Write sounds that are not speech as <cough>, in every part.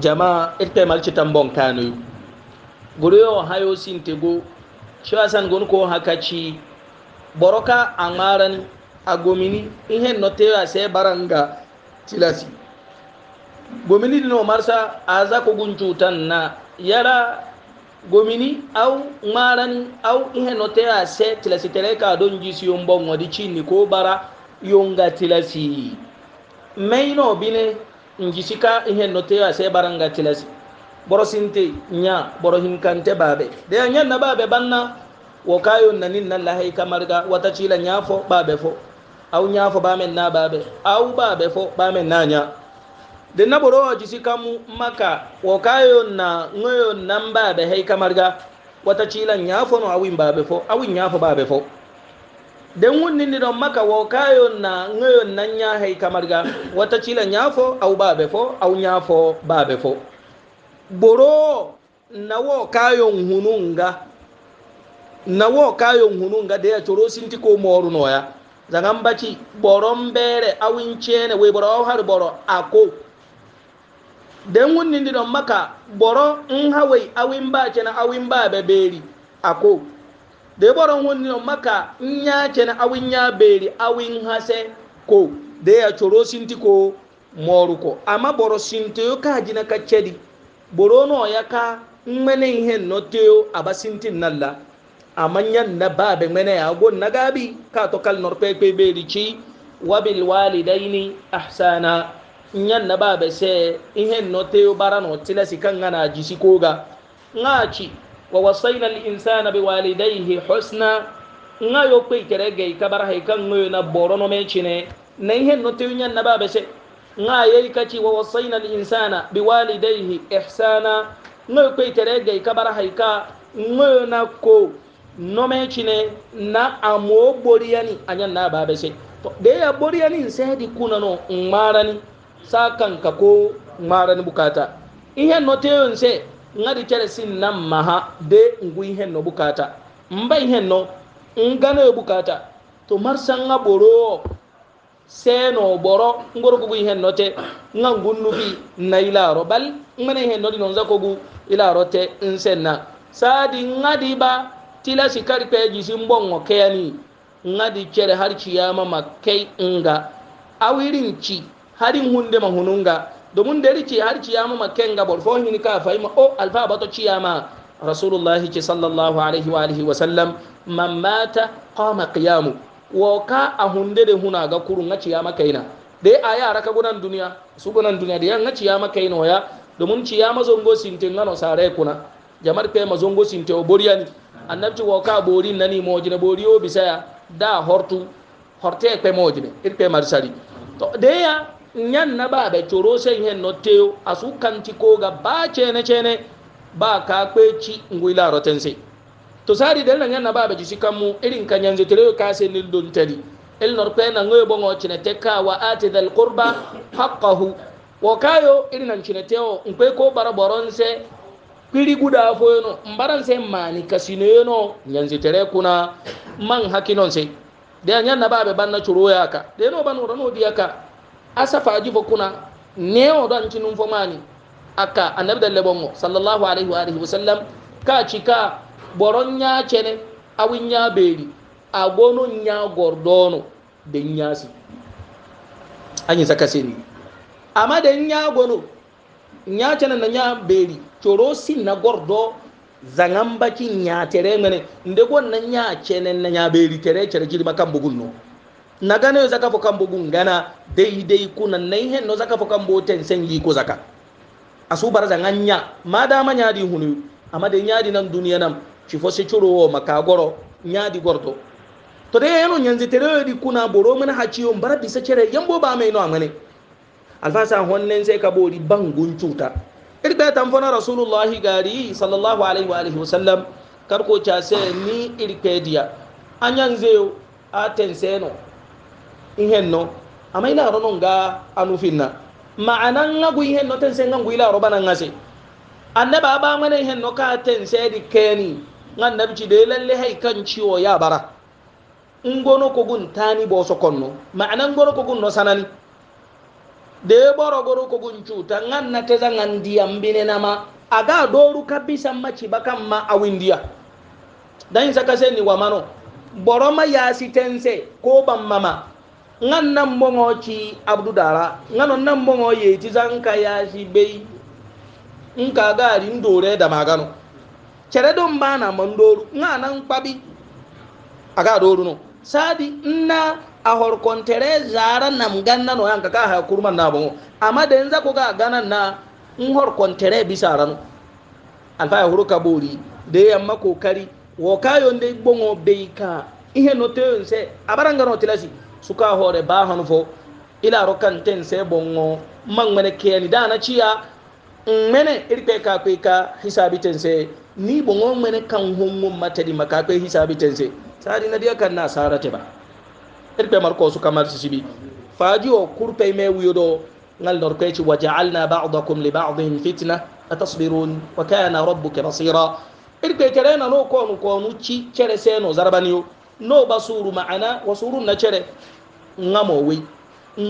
jama'a ita irte malci tambon kanu guri yo hayo sintego shi asan gon ko hakaci boroka amaran agomini ihe notewa se baranga tilasi gomini dino marsa aza ko guncutan na yara gomini au maran au ihe notewa se tilasi tereka don jisi yombon wadi chini ko bara yonga tilasi maino bine njisika ihe note ase baranga tilasi boro sinte nya boro hinkante babe de nya na babe banna wo kayo nanin na lahai kamarga wata cila nya fo babe fo au nya fo bamen na babe au babe fo bamen na nya de na boro jisika mu maka wo kayo na ngoyo nan babe hai kamarga wata cila nya fo no awin babe fo awin nya babe fo den wunni ni don maka wo kayo na ngayon nan ya hay kamar ga wata cila nyafo au babe fo au nyafo babe boro na wo kayo hununga na wo kayon hununga da ya coro sinti ko moru ya zangan baci boron bere awin cene we boro har boro ako den wunni ni don maka boro in hawai awin ba cena awin ba ako da ya baron wani maka in ya ce na awin ya beri awin hase ko da ya coro sinti ko moru ko amma boro sinti yo ka jina ka cedi boro no ya ka mene ihe no teo aba sinti nalla amma yan na babe mene ya go na gabi ka to kal nor pe pe beri ci wa bil walidaini ahsana yan na babe se ihe no teo bara no tilasi kan ngana jisi koga ngaci ووصينا الإنسان بوالديه حسنا ngayo pe kerege ikabara he kan ngoyo na borono mechine na ihe notinya na babese nga yayi kaci wa wasaina al insana biwalidayhi ihsana ngayo pe kerege ikabara he ka ngoyo na ko no mechine na amo boriyani anya na babese to de ya boriyani sai di kuna no ngmarani sakan ka ko ngmarani bukata ihe notiyon sai ngadi chere sin na maha de ngu ihe no bukata mba ihe no ngano bukata to marsa nga boro se no boro ngoro kugu ihe no te nga ngunnu bi na ila bali bal ngana ihe no dino nzako gu ila ro te nsenna sadi ngadi ba tila sikari peji simbongo keyani ngadi chere har ciyama makai nga awirin ci harin hunde mahununga domin da rice har ciyama makken ga borfo hin ka fahima o alfa bato ciyama rasulullahi ce sallallahu alaihi wa alihi wa sallam man mata qama qiyamu wa ka a hunde da huna ga kurun ga ciyama kaina dai a yara ka gunan duniya su gunan duniya da yan ga ciyama kaina waya domin ciyama zongo sinte ngano sare kuna jamar pe mazongo sinte oboriani annabci wa ka bori nani mojina bori bisaya da hortu horte pe mojine irpe marsari to deya ñannaɓaɓe coro sen hen no teyo asu kanti koga ba cene cene ba ka kweci nguylaroten se to sari delna ñannaɓaɓe jisi kammu irin ka ñanzetereyo ka senil don tadi el nor penangoyo ɓongo cine tekka wa atida l qurba haqqahu wo kayo iri nan cine teo nkwe ko ɓara ɓoron se kiriguɗa foyono mbaran se mani kasinoyono ñanzetere kuna man hakkinon se de a ñannaɓaɓe banna coroyaka deno ban oranodiyaka asafa ajibo kuna ne odon cinin fomani aka annabi da labongo sallallahu alaihi wa alihi wasallam ka cika boron ya cene awin ya beri a gonon ya gordono da ya si saka sini amma da ya gono ya cene na ya beri coro sin na gordo zangamba bakin ya tere mene inda gwannan ya cene na ya beri tere cere jirma kan nagano yo zaka fokan bo gungana daidai kuna nai hen no zaka fokan bo ten sen yi ko zaka asu barza nganya madama nyadi hunu amma de nyadi nan duniya nam ci fo se curo wo maka goro nyadi gordo to de yano nyanzi tere di kuna boro mun haciyo bara bisa cere yambo ba mai no amane alfasa honnen sai ka bori bangun cuta irbe tamfona rasulullahi gari sallallahu alaihi wa alihi wasallam karko ca sai ni irkediya anyan zeo aten ihen no amma ila ro non ga anufin na ma'ana ngagu ihen no tense ngagu ila ro bana ngase annaba ba mana ihen no ka tense di keni ngan nabci de lalle hay kan ciwo ya bara ngono ko gun tani bo so konno ma'ana ngono ko gun no sanani de boro goro ko gun cuta ngan na teza ngan diyam bine nama aga doru kabisa maci bakan ma ya, dan saka sai ni wa mano boroma ya sitense ko ban mama ngan nan bongo ci abdu dara ngan nan bongo ye ti zanka ya shi bei nka gari ndore da magano cere don bana mandoro nga nan kwabi aga doru no saadi nna a horkon zara nam ganna no yanka ka ha kurman na bongo amma da yanzu ko ga ganan na in horkon tere bisaran alfaya huruka bori da yamma kokari wo kayon dai bongo bei ka ihe no teyon se abaranga no tilasi suka hore ba hanfo ila rokan ten sai bongo man mene kiyani da na ciya mene irpe ka kwe ka hisabi ten sai ni bongo mene kan hungun matadi maka kwe hisabi ten sai sari na dia kan na sarate ba irpe marko su kamar su sibi fajiyo kurpe me wiyodo ngal norkeci waja'alna ba'dakum li ba'din fitna atasbirun wa kana rabbuka basira irpe kerena no konu konu ci cere seno zarbaniyo no basuru ma'ana wasurun na cere ŋamo wey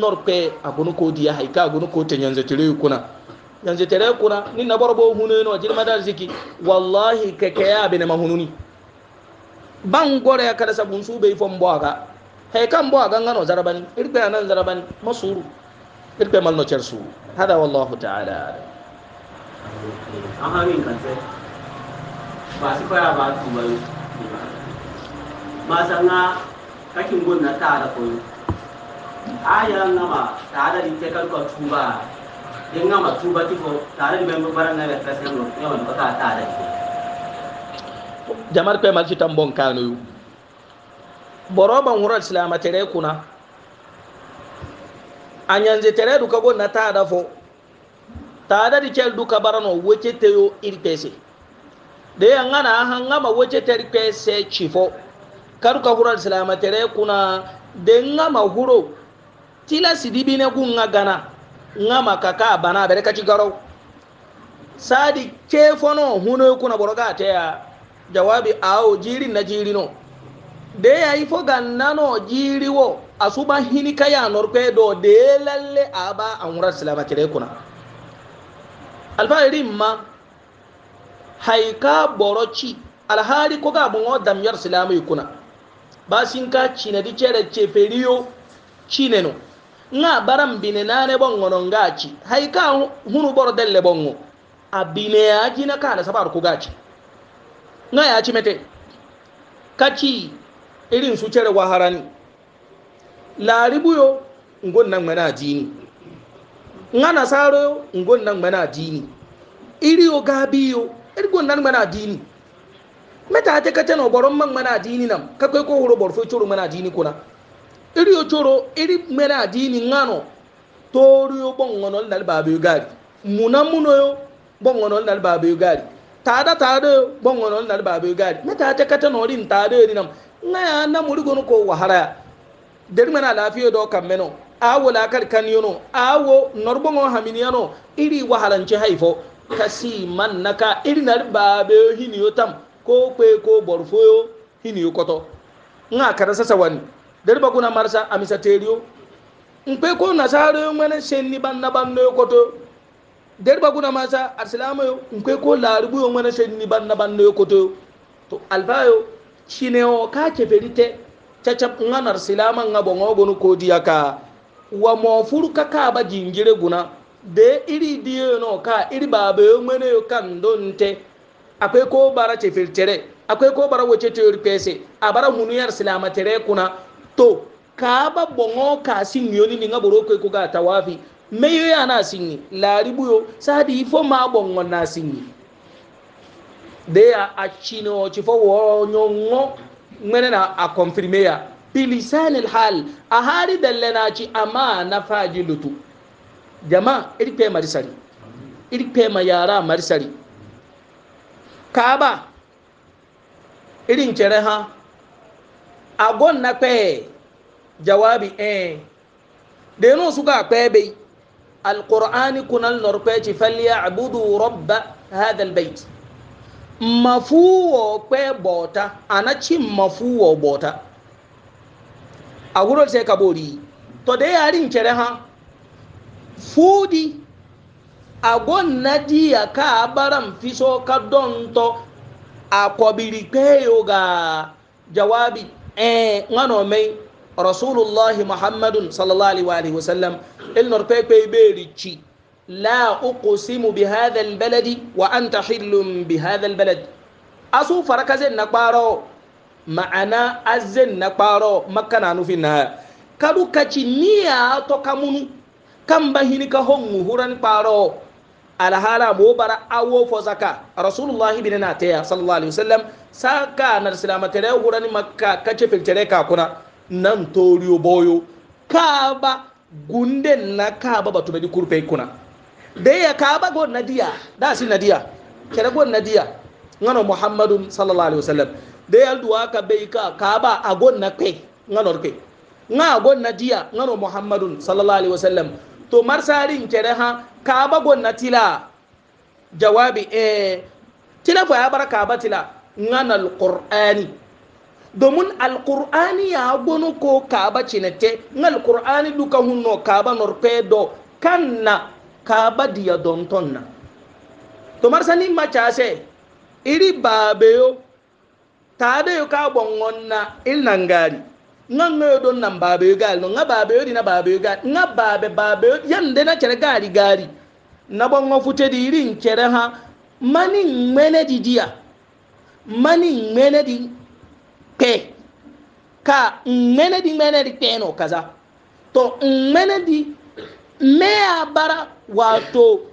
nor kpe a gono ko diya hay ka a gono ko te ñanzetere yu kuna ñanzetere kuna ni naboro bo hununo jirma dal siki wallahi kekeya a benema hununi ban goroya kada sabun su bey fo mbo aga hay kam mbo aga ŋano zarabani ir kpe anan zarabani ma suru ir kpe mal no cer suru hada wallahu taala ala masa nga kakin gonna tara koyo ayara ngama taada di tekal ko tuba de ngama tuba ti ko taada di membe baranga ga trasen no ne won ko ta taada jamar ko mal citam bon kanu yu boroba ngura islama tere kuna anyanze tere du kago na taada fo taada di kel du kabarano wote teyo irpese de ngana hangama wote tere pese chifo karuka hura islama tere kuna de ngama huro tila sidibi ne kun nga gana nga makaka bana bere kaci garau sadi ke fono huno na boroga te ya jawabi awo jiri na jiri no de ya ifo ganna no jiri wo asuba hini kaya norpe do de lalle aba anwura silama kire kuna alfairi ma haika borochi alhali ko ga bungo damyar silama kuna basin ka cina chere cere ceferiyo no nga baram bine nane bongo no ngachi haika hunu boro delle bongo abine ya jina kana sabar ku gachi nga ya mete kachi irin su cere waharani laribu yo ngon nan mana dini nga nasaro yo ngon nan mana dini iri yo gabi yo irgon nan mana dini meta ta kace no boron man mana dini nam kakwai ko huro borfo curu mana dini kuna iri ochoro iri mere adini ngano tori bongono ndal babu gari munamuno yo bongono ndal babu gari tada tada yo bongono ndal babu gari meta ta kata no rin tada yo dinam ngaya na muri gonu ko wahara der mana lafiyo do kammeno awo la kar kan yono awo norbongo haminiano iri wahalanci haifo kasi man naka iri ndal babu hiniyo tam ko kwe ko borfoyo hiniyo koto nga karasa sawani deriba kuna marsa amisa teriyo npe ko nasara yo ngene senni banna banno yo koto deriba kuna marsa arsilama yo npe ko laribu yo ngene senni banna banno yo koto to alfayo cineo ka keferite cacab nga narsilama nga bongo gonu kodiya ka wa mofuru ka kaba jingire guna de iri diyo no ka iri baba yo ngene yo kan donte akwai ko bara kefertere akwai ko bara wace teori pese a bara hunuyar silama tere kuna to kaaba bongo ka sinyo ni nga boroko ko ga tawafi meyo ya na sinyi laribu yo sadi ifo ma bongo na sinyi de a achino o chifo wo nyongo ngene na a confirme ya bilisan alhal a hari dalle na ci amma na faji lutu jama iri pe marisari iri pe ma yara marisari kaaba irin kere ha agon na kwe jawabi eh denu suka kwe bai alqur'ani kunal nor kwe ci falyabudu rabba hadha albayt mafuwo kwe bota anachi mafuwo bota aguro sai kabori to da yarin kere ha fudi agon na diya ka baran fiso ka don akobiri kwe yoga jawabi eh ngano mai rasulullahi muhammadun sallallahu alaihi wa sallam il nor pepe beri ci la uqsimu bi hadha al baladi wa anta hillum bi hadha al balad asu faraka zen na kparo ma'ana azen na kparo makana nufin na kadu kaci niya to kamunu kan bahini ka hon huran kparo alhala mo bara awo fo zaka rasulullahi bin na sallallahu alaihi wasallam saka na silama tere wurin makka kace filtere ka kuna nan toriyo boyo kaba gunde na kaba batu bai kurfe kuna da ya kaba go nadiya da si nadiya kere go nadiya ngano muhammadun sallallahu alaihi wasallam da ya ka bai ka kaba a go na kai ngano kai nga go nadiya ngano muhammadun sallallahu alaihi wasallam to marsarin kere ha kaba gonna tila jawabi eh tila fa ya bar kaba tila ngan alqur'ani domin alqur'ani ya gonu ko kaba cinete ngal qur'ani duka hunno kaba norpedo kanna kaba diya dontonna to marsani machase iri babeyo tade yo ka bongonna ilnangari nga ngayo don nan babayo gali no nga babayo di na babayo gali nga babe babayo yande na chere gali gali na bongo fute di iri nchere ha mani ngmene di dia mani ngmene di pe ka ngmene di ngmene di pe no kaza to ngmene di mea bara wato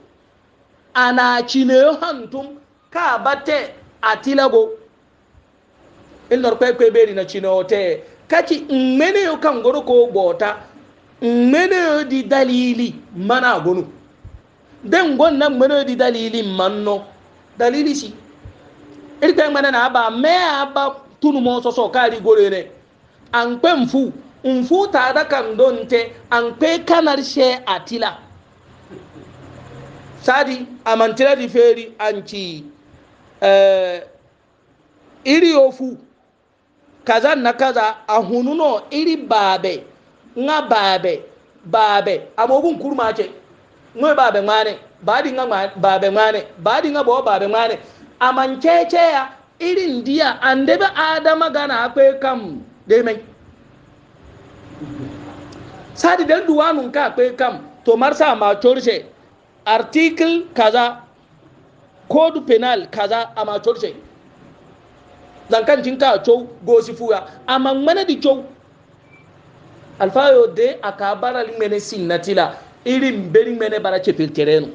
ana chineyo hantum ka bate atilago ilnor kwekwe beri na chineyo te kaci mene yo kan goro ko bota mene yo di dalili mana gonu den gonna mene yo di dalili manno dalili si irka mana na ba me aba tunu mo so kari gore ne an kwenfu nfu ta da kan donte an kanar she atila sadi amantira di feri anci eh iri ofu kaza na kaza ahununo iri babe nga babe babe amogun kurma ce ngwe babe ngwane badi nga babe ngwane badi nga bo babe ngwane amancece ya irin diya andebe adama gana akwe kam de mai sadi dan duwanun ka akwe kam to marsa ma chorche article kaza code penal kaza ama chorche zankan jinka chow gosi fuya amma mana di chow alfayo de aka bara mene sinnatila irin beri mene bara chepil terenu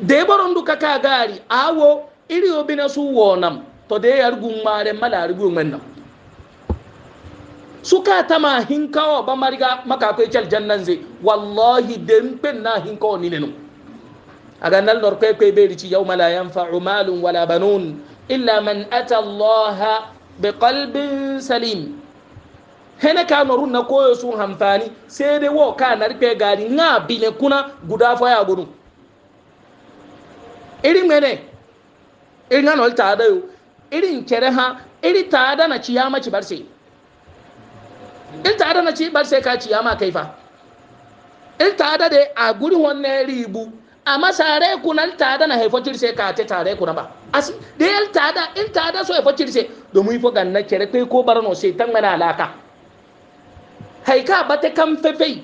de boron duka ka gari awo iri obina su wonam to de yargun mare mala argun menna suka tama hinkawa ba mariga maka akwai chal jannan zai wallahi den pen na hinkawa ni nenu aga nal nor kwe kwe beri ci yawma la yanfa'u malun wala banun إلا من ata الله بقلب سليم. salim hene ka noru na koyo sun hamfani sai dai wo ka na rufe gari na bine kuna guda fa ya gudu irin mene irin hanol ta da yo irin kere ha iri ta da na ciyama ci barse in ta da na ci barse ka ciyama kaifa in ta da dai a gurin wannan ribu amma sare kunan tada na haifo cirse ka te tare kuna ba as da yel tada in tada so haifo cirse domin ifo ganna kere kai ko barno sai tan mana alaka haika bate kan fefe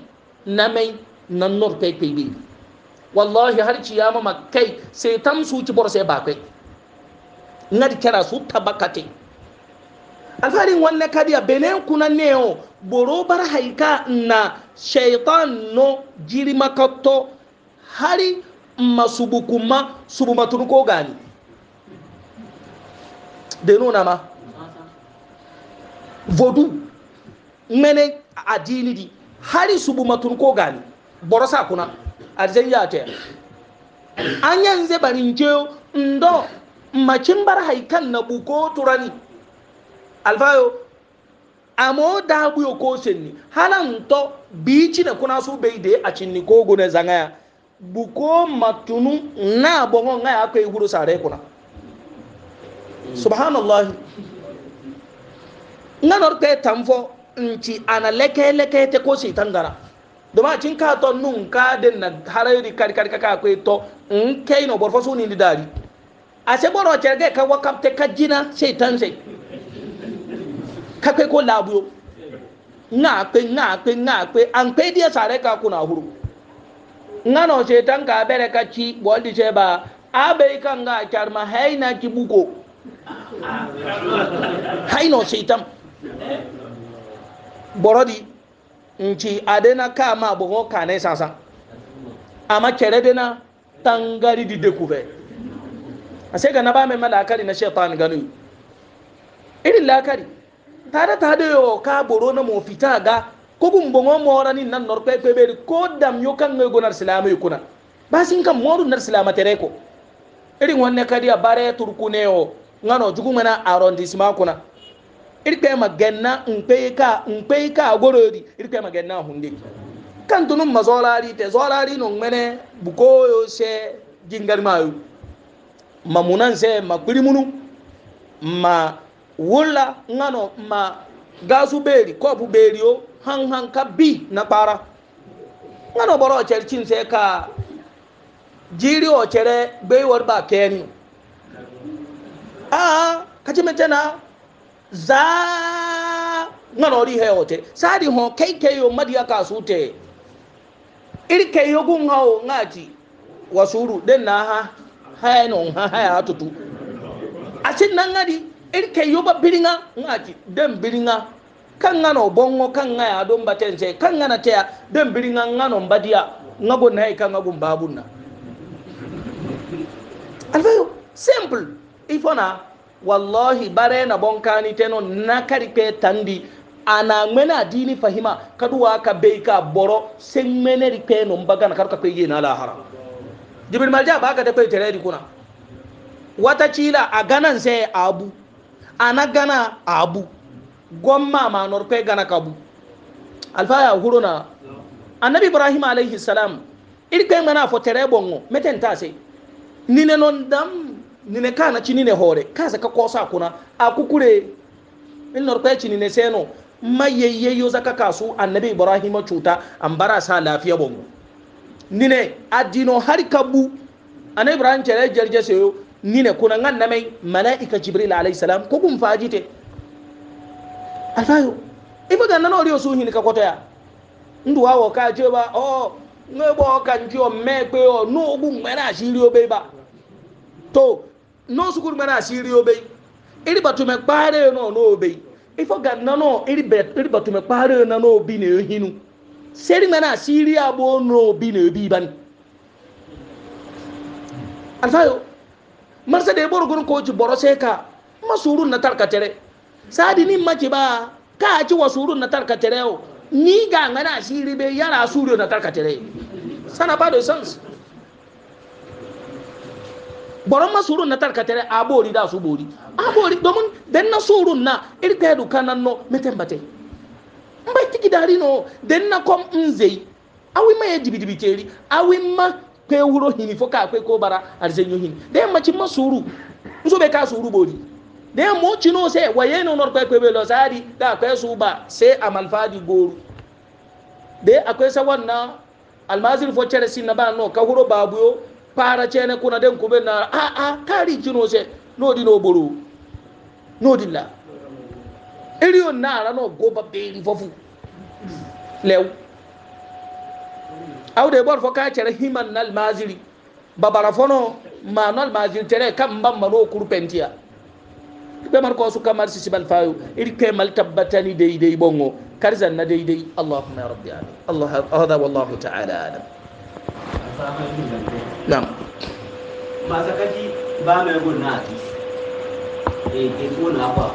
na mai nan nor kai kai bi wallahi har kiyama makkai sai tam su ci bor sai ba kai ngadi kera su tabakate alfarin wannan kadiya benen kunan ne o boro haika na shaitan no jirimakato hari ma subu kuma subu matun ko gani da nuna ma vodu mene addini di hari subu matun ko gani borosa kuna arjan ya ta an yanzu barin ndo macin bar haikan na buko turani alfayo amo da buyo ko senni halan to bici na kuna su bai da a cinni ko gune zangaya buko matunu na bongo nga ya kai guru sare kuna subhanallah nga nor kai tamfo nci ana leke leke te ko si tangara doma cin ka to nun ka den na harari kar kar ka kai to in kai no borfo suni ni dari a se boro cerge ka wakam te ka jina shaitan sai ka kai ko labuyo nga pe nga pe nga pe an pe dia sare ka kuna huru ngano ce tan ka bere ka ci boldi ce ba abai kan ga charma haina ki buko haino shaitan borodi nci adena kama bogo kane sasa, ama kere na tangari di dekuve ase ga na ba me malakari na shaitan ganu irin lakari tare tare yo ka boro na mo fita ga kogum bongo morani nan nor pe pe beri ko dam yo kan ngoy gonar silama yukuna basin kam moru nar silama tere ko iri wonne kadi a bare turkune o ngano jugu mana arrondissement kuna iri pe magenna npe ka npe ka gorodi iri pe magenna hunde kan tunum mazolari te zolari no mene bukoyo se jingar mayu mamunan se makwirimunu ma wola ngano ma gasu beri kopu beri o han han ka bi na kpara ngano boro o cer cin ka jiri o cere gbei wor ba keni a kaci metena za ngano ri he o te sadi ho kai kai yo madiya ka su te iri kai yo gun ha o ngati wasuru den na ha ha no ha ha atutu a cin nan ngadi iri kai yo ba biringa ngati den biringa kan ngano bongo kan ngaya don batense kan ngana teya don biri ngano mbadiya ngago na ka ngago babunna alfayo simple ifona wallahi bare na bonkani teno na karpe tandi ana ngmena ni fahima kaduwa ka beika boro sengmene rikpe no mbaga na karuka kwe na lahara jibril malja ba ka da kwe tere kuna wata cila a ganan sai abu ana gana abu gomma ma norpe gana kabu alfaya na annabi ibrahim alayhi salam irke mana fo bongo meten ta se nine non dam nine kana ci nine hore kaza ka kosa kuna akukure in norpe ci nine seno mayayyayo zaka kasu annabi ibrahim cuta an bara sa lafiya bongo nine adino har kabu annabi ibrahim tere jerje seyo nine kuna ngan namai malaika jibril alayhi salam ko kun fajite alfayo ibu da nan ori osu hin ka kotaya ndu wa wo ka je ba o nwe bo ka nji o me pe o nu ogu mera asiri obe ba to no sukuru mera asiri obe iri batu me pare no no obe ifo ga nan no iri bet iri batu me pare na no obi na ehinu seri mera asiri abo no obi na obi ban alfayo marsa de boro gun ko ji boro seka masurun na tarkatere sadi nin mace ba ka ci wasurun na tarkatere o ni ga ngana ribe be yara suru na tarkatere sana ba do sans boron ma surun na tarkatere abori da su bori abori domin den na surun na irka edu kanan no meten bate mbai tiki dari no den na kom nzei awi ma yejibi dibi teri awi ma pe wuro hini foka kwe ko bara arzenyo hini den ma ci ma suru nso be ka suru bori de mocino se wayeno nor kwe kwebe lo sadi da kwe suba se amalfadi goru de akwai sa wannan almazir fo cere sin na ba no ka huro babu yo para cene kuna den kube na a ah, a ah, kari jino se no di no boro no di la iri on na ara no go ba be ri fofu lew aw de bor fo ka cere himan nal maziri babara fono ma nal maziri tere kam bamba no kuru pentia bemar ko su kamar sisi bal fayu ir mal tabbatani dey dey bongo karzan na dey dey allahumma ya rabbi alamin allah hada wallahu ta'ala alam nam masakaji ba mai gurna ati e ke tona ba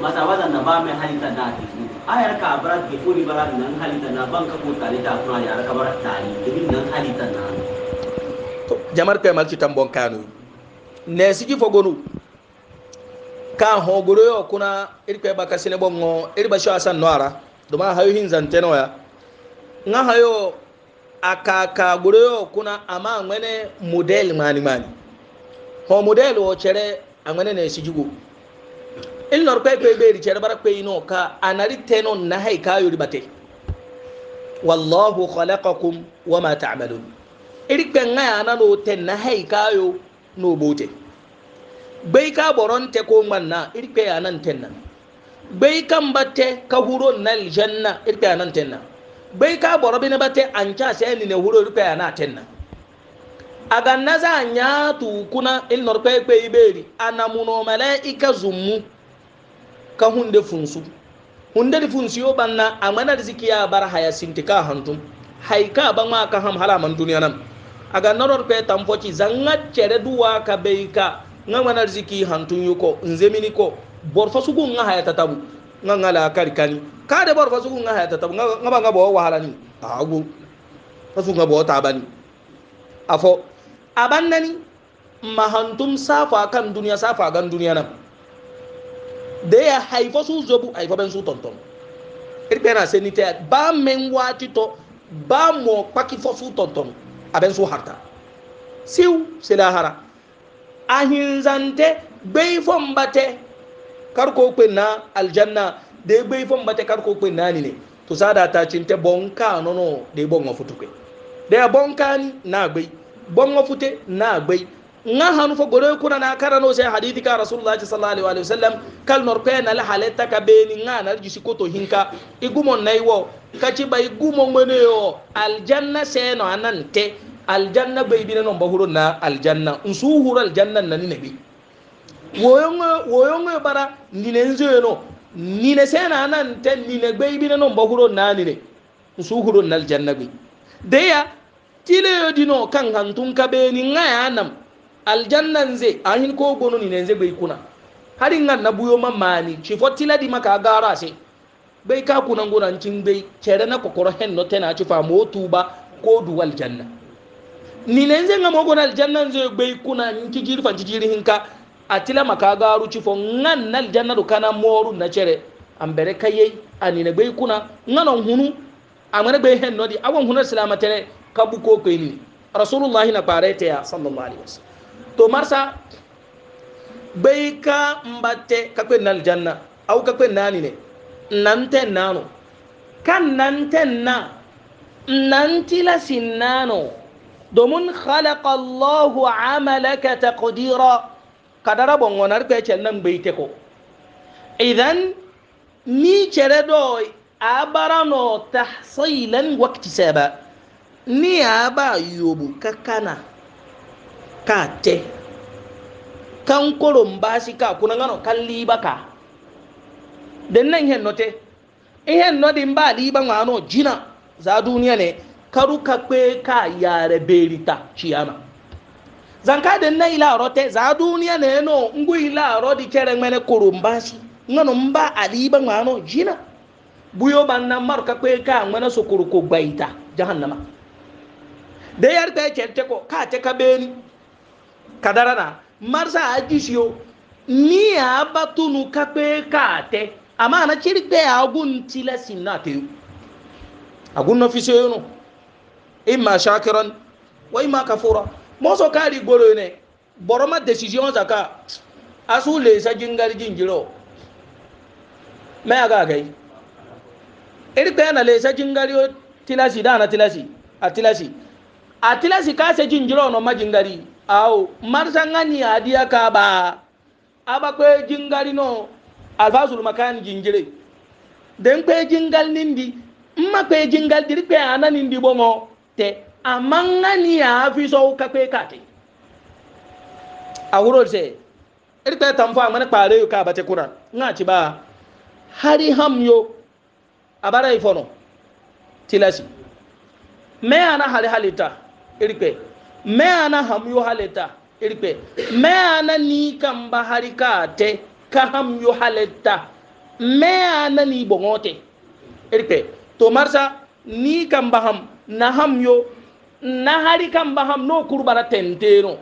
masa wazan na ba mai halita da ati ayar ka barat ke ko libara nan halita na ka ko tare kuma ya ka barat tare dibin nan halita na jamar mal ci tambon kanu ne sigi fogonu ka hogoro yo kuna irpe baka sine bongo irba sho asan noara duma hayo hin zanteno ya nga hayo aka ka goro yo kuna ama ngwene model mani mani ho model o chere angwene ne sijugo il nor pe pe be chere bara pe ino ka anari teno na hay ka yori bate wallahu khalaqakum wama ta'malun irpe nga ya na no ten na hay ka yo no bote bai ka boronte ko manna irpe anan tenna bai kan batte ka huro nal janna irpe anan tenna bai ka borobi ne batte an ca sai ni ne huro irpe anan tenna aga naza anya tu kuna il norpe pe iberi muno malaika zummu ka hunde funsu hunde di funsu yo banna amana riziki ya bar haya sintika hantum haika ban ma ka ham halaman duniya nan aga noror pe tamfoci zanga cere duwa ka beika nga ngana arziki hantun yuko nzemini ko borfa sugu nga haya tatabu nga ngala karikani kade borfa sugu nga haya tatabu nga ba nga bo wahala ni agu fasu nga bo tabani afo abannani mahantum safa kan duniya safa gan duniya nan da ya haifa su zobu haifa ben su tonton irpe na seni ta ba men wati to ba mo paki fo su tonton aben su harta siu hara ahinzante gbey fombate kar ko kpe na aljanna de gbey fombate kar ko kpe naani ne to sada ta cinte bonka nono de bonga futuke de bonka ni na gbey bonga fute na gbey nga hanu fo godoy kuna na kara no se hadithi ka rasulullah sallallahu alaihi wasallam kal nor pe na haleta ka be ni nga na jisi koto hinka igumo nay wo kachi bay gumo ngone yo aljanna se no anante aljanna bai bi nan ba hurun na aljanna in su huru aljanna nan ne bi woyon bara ni ne nzo no ni ne sai na nan ta ni ne bai bi nan ba hurun na ni ne in su huru na aljanna bi da ya kile yo dino kan hantun ka be ni ngaya nam aljanna nze ahin ko gono ni ne nze bai kuna hari ngan na buyo mamani ci fotila di maka gara sai bai ka kunan gonancin bai kere na kokoro hen no tana ci fa motu ba ko duwal janna nine zenga mogo na aljanna nzo gbe kuna nkigiri fan kigiri hinka atila makaga ruci fo ngan na aljanna do kana moru na chere ambere kaye anine gbe kuna ngano hunu amare gbe hen nodi awon hunu salamatere kabu ko ko ni rasulullahi na parete ya sallallahu alaihi wasallam to marsa bai ka mbate kakwe na aljanna au kakwe nani ne nante nano kan nante na nanti la sinano domin khalaqallahu amalaka taqdira kadara bon wonar pe cel nan bai te ko idan ni cere do abarano tahsilan waktisaba ni aba yobu kakana kate kan koron basi ka kuna ngano kan libaka den nan hen note ihen nodin ba liban wano jina za duniya ne karuka kwe ka yare berita ciyana zanka de na ila rote za duniya ne no ngu ila rodi kere mene kurumbashi ngano mba aliba ngano jina buyo banna marka kwe ka ngana sukuru ko baita jahannama de yar te cherte ko ka te ka beni kadarana marsa ajisio ni abatunu ka kwe ka te amana chiri de agun tila sinate agun no no Ima shakiran wa imma kafura moso kari goro ne boroma decision zaka asu le sa jingar jingiro me aga gai iri pe na le sa jingari tilasi dana tilasi a tilasi a tilasi ka se jingiro no majingari awo marsa ngani adiya ka ba aba pe jingari no alfazul makan jingire den pe jingal nindi mma pe jingal diri pe anani ndi tɛ amma n ka ni a fi sɔn ka kpe k'a kɛ a wuro sɛ eri tɛ tan fɔ a ŋmɛnɛ kpaare yo k'a ba tɛ kura n ka ba hali ham yo a baara yi fɔnɔ tilasi mɛ ana hali hali ta eri kpɛ mɛ ana ham yo hali ta eri kpɛ mɛ ana ni kan ba hali k'a tɛ ka ham yo hali ta mɛ ana ni bɔngɔ tɛ eri kpɛ to marisa ni kan ba ham na hamyo, yo na hari kan ba ham no kurbara tenteno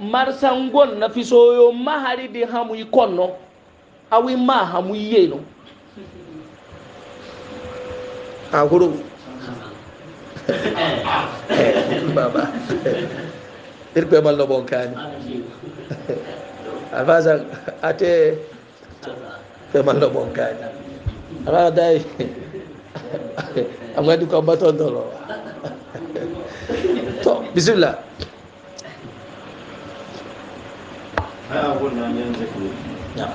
marsangon na fisoyo mahari di hamu ikonno awi ma hamu yeno ahuru baba irpe mal no bonkani alfaza ate pe mal no bonkani alfaza dai amadu ka ba tɔntɔn lɔ tɔ bisimila. Yeah.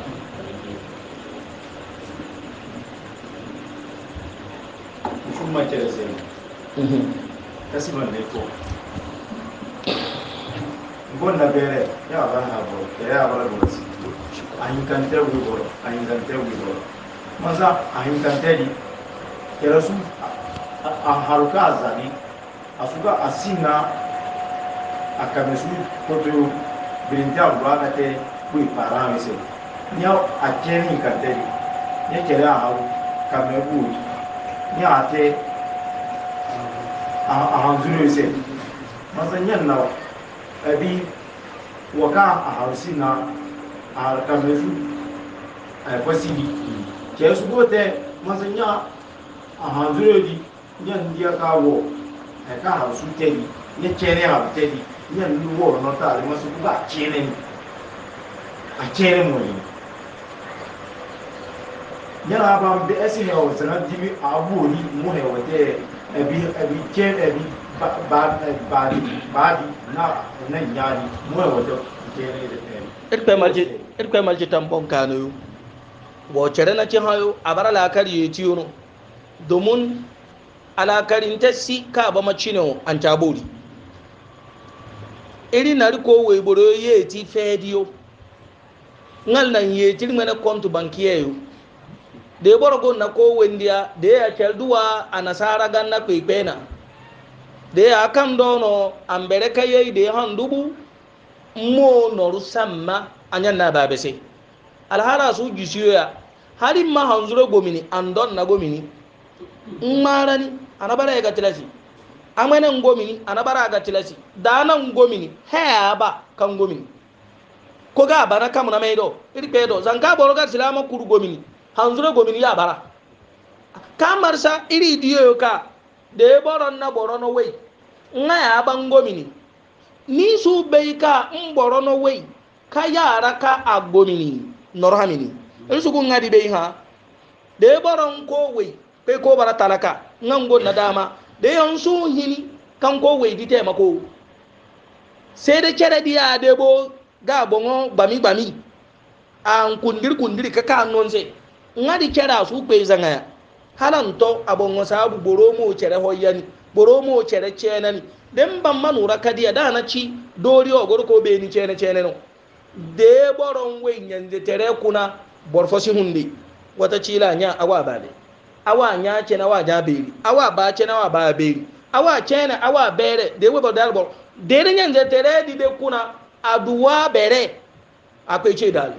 kuma kira zai kasiman ne ko gonna bere ya ba ha bo ya ba bo an kan te wi bo an kan te wi bo maza an kan te di kɛra su a haruka a a suka a sinna a kame su koto birinti a wura na tɛ ko ipara mi sɛ ni a tiɲɛni ka tɛ de ni kɛlɛ a haru kame b'o ni a tɛ a hanzuru mi sɛ masa nyɛ na ɛbi waka a haru sinna a kame su a yɛ fɔ sigi kɛ suko tɛ masa nyɛ ahanzuredi nyɛ ndia ka wɔ ɛka hansu tɛdi nyɛ kyɛnɛ hansu tɛdi nyɛ ndu wɔ nɔta ale ma so kuba akyɛnɛ mu akyɛnɛ mu yi nyɛ na aba mbɛ ɛsi hɛ wɔ sɛnɛ dimi abuoli mu hɛ wɔ tɛ ɛbi ɛbi kyɛn ɛbi baadi baadi na na nyaadi mu hɛ wɔ tɛ kyɛnɛ yɛ tɛ. erikpɛ malje erikpɛ malje tan bɔn kaanu yo na kyɛ ha yo abara laakari yɛ ti yo no domin alakarinta si ka ba macino an tabori iri na riko weboro ye ti fediyo ngal nan ye ti mana kontu bankiyeyo da ya borgo na ko wendiya de ya kelduwa a nasara ganna kwaikwena da ya kan dono an bere kaye da han dubu mo noru samma anyan na babese alhara su gisiyo ya harin ma hanzuro gomini andon don na gomini ŋmarani anabara ya gatilasi amene ngomini anabara ya gatilasi dana ngomini hea ba ka ngomini ko ga bana kamu na maido iri pedo zanka boro ga silama kuru gomini hanzure gomini ya bara kamarsa iri diyo ka de boro na boro no wei nga ya ba ngomini ni su bei ka mboro no wei ka yara ka agomini noro iri su ku bei ha de boro nko wei kai ko bara talaka nan go na dama da yan su hini kan ko wai di taimako sai da kere diya da bo ga bongo bami bami an kundir kundir ka kan non sai ngadi kera su pe zanga halanto abongo sabu boromo kere hoyani boromo kere chenani den ban manura kadiya da na ci dori ogoro ko be ni chene chene no de boron we nyande tere kuna borfosi hundi wata cila nya awa bale awa nya chena awa ja beri awa ba chena awa ba beri awa chena awa bere de webo dalbo de ne nyanze tere di de kuna aduwa bere akweche dal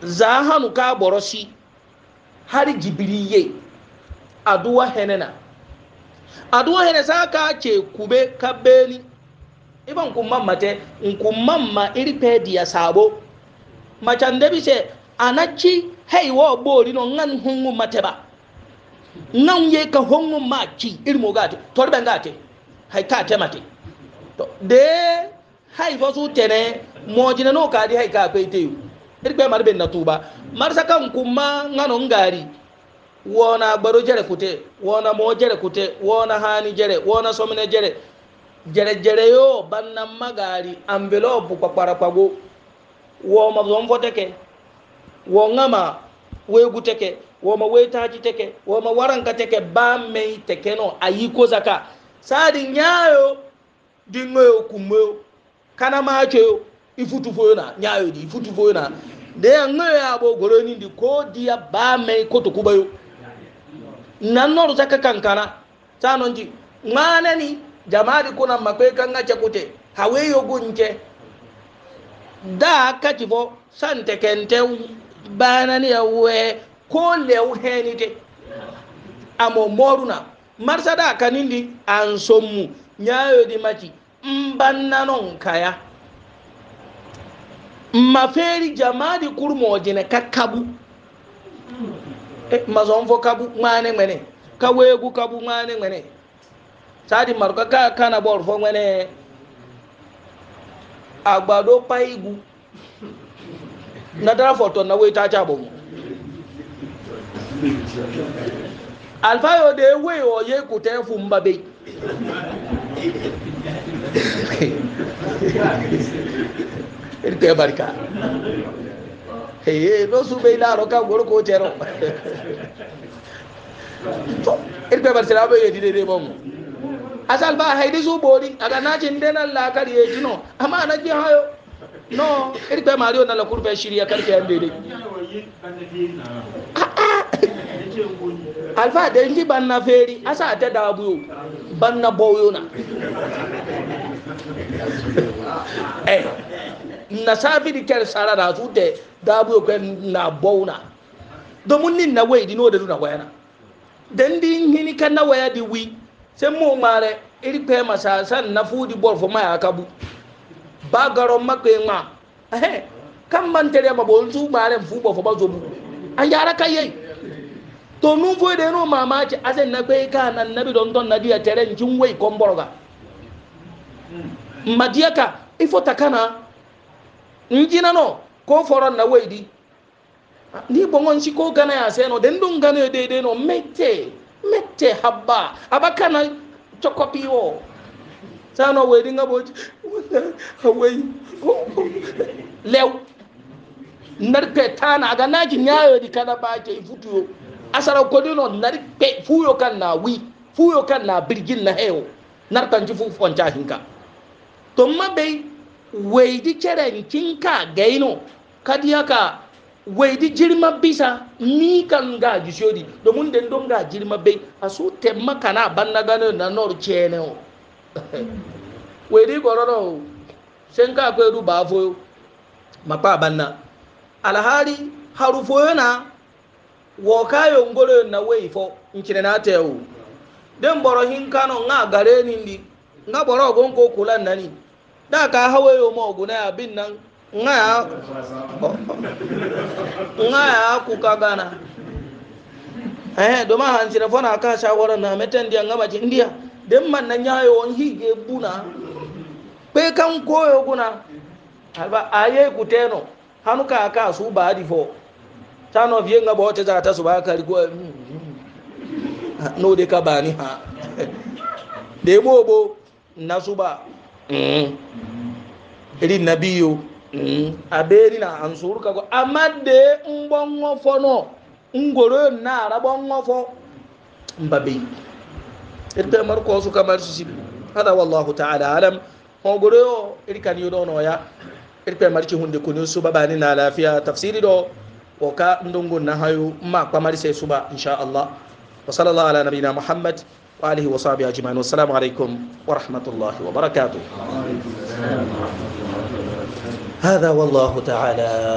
za hanu ka borosi hari jibiriye aduwa henena aduwa hene sa ka che kube kabeli iba nkumma mate nkumma ma iri pedi ya sabo machandebise anachi hey wo bori no ngan hungu mateba ngan ye ka hungu machi irmo gate torbe ngate hay ka temate to de hay fo su tene mojina no ka di hay ka pe teyu irbe mar ben na tuba mar sakan kuma ngano gari wona gbaro jere kute wona mo jere kute wona hani jere wona somine jere jere jere yo bannan magari envelope kwakwarakwago wo mabzon foteke wo ngama wegu teke woma wetaji teke woma waranka teke bamei teke no ayi kozaka sadi nyayo dingoyo kummeyo kana macoyo ifutufoyo na nyayo di ifutufoyo na deya ngoyo yabo goronindi ko diya bamei kotokubayo nannoru zaka kankana sanonji ŋmanani jamadi kuna makwe kanga cakute haweyo gunce da kati fo sante kentew bana ni we ko lew henite amo moruna marsada kanindi an sommu ñayodi mati mbannanon kaya ma feeri jamadi kurmojine ka kabu e mason kabu mane ŋmene ka weegu kabu mane ŋmene sadi marko ka kana bor fo ŋmene agbado payigu <laughs> <laughs> na dara foto na wei taa kyabɔ mu alifayo de wei ɔye kutɛn fun ba be yen tɛ barika ee n'o su bɛ yen n'a yɔrɔ ka goro k'o cɛ rɔ iri bɛ bari sira bɛ yedi de de bɔ mu asalifa hayidisu boori a ka n'a ci n den na laakari ye jinɔ a ma na jɛ ha yo non iri kpe mario na lakuru fɛ shiriya karfe yan bere alfa da ndi banna feri asa ate da abu banna boyo eh, na eh na safi di kel sara da su te da abu ko na bowna domin nin na wai di no da na wayana dan di hini kan na waya di wi sai mu mare iri kpe masa san na fudi bol fo mai akabu ba garon makwe ma eh kan man tere ma bon su ma ran fu bo fo ba zo mu an yara kai yayi to nun fo de no mamaci asen na kai ka nan nabi don don na dia tere njin wai kon boroga hmm. madiya ka ifo takana njina no ko foron na wai di ni bongon si ko gana ya seno den dun gana de de no mete, mete habba abakana chokopi wo tano wai dinga boji wai lew narpe tana aga naji nyayo di kana baje ifutuyo asara kodino narpe fuyo kan na wi fuyo kan na birgin na hewo narkan ji fufon jahinka to mabe wai di ceren kinka gaino kadiya ka wai di jirma bisa ni kan ga jishodi domin den don ga jirma bai asu temma kana banna gano na nor chene o wedi gorono shenka kwedu bafo mapa banna alhali harufoyo na wokayo ngolo na weifo nkire na tewu den boro hinkano nga gare ni ndi nga boro ogun ko kula nani da ka hawe yo mo ogun na aka nan nga ya nga ya ku kagana eh do ma hanjira fona ka shawara na meten dia nga den man na na nyayo on hige buna pe kan koyo kuna alba ha kuteno ka aka su ba di fo tano vie nga bote za ta su ba kari go mm, mm. no de ka bani ha de bobo na su ba mm. e biyo abe aberi na ansuru ka go amade ngbongo fo no ngoro na arabo ngofo mbabe irte mar ko su kamar su sibi hada wallahu ta'ala alam ho gore yo irkan yo dono ya irpe mar ci hunde kunu su babani na lafiya tafsiri do wa ka ndungun na hayu ma kwamar sai su ba insha Allah wa sallallahu ala nabina muhammad wa alihi wa sahbihi ajma'in wassalamu alaikum wa rahmatullahi wa barakatuh هذا والله تعالى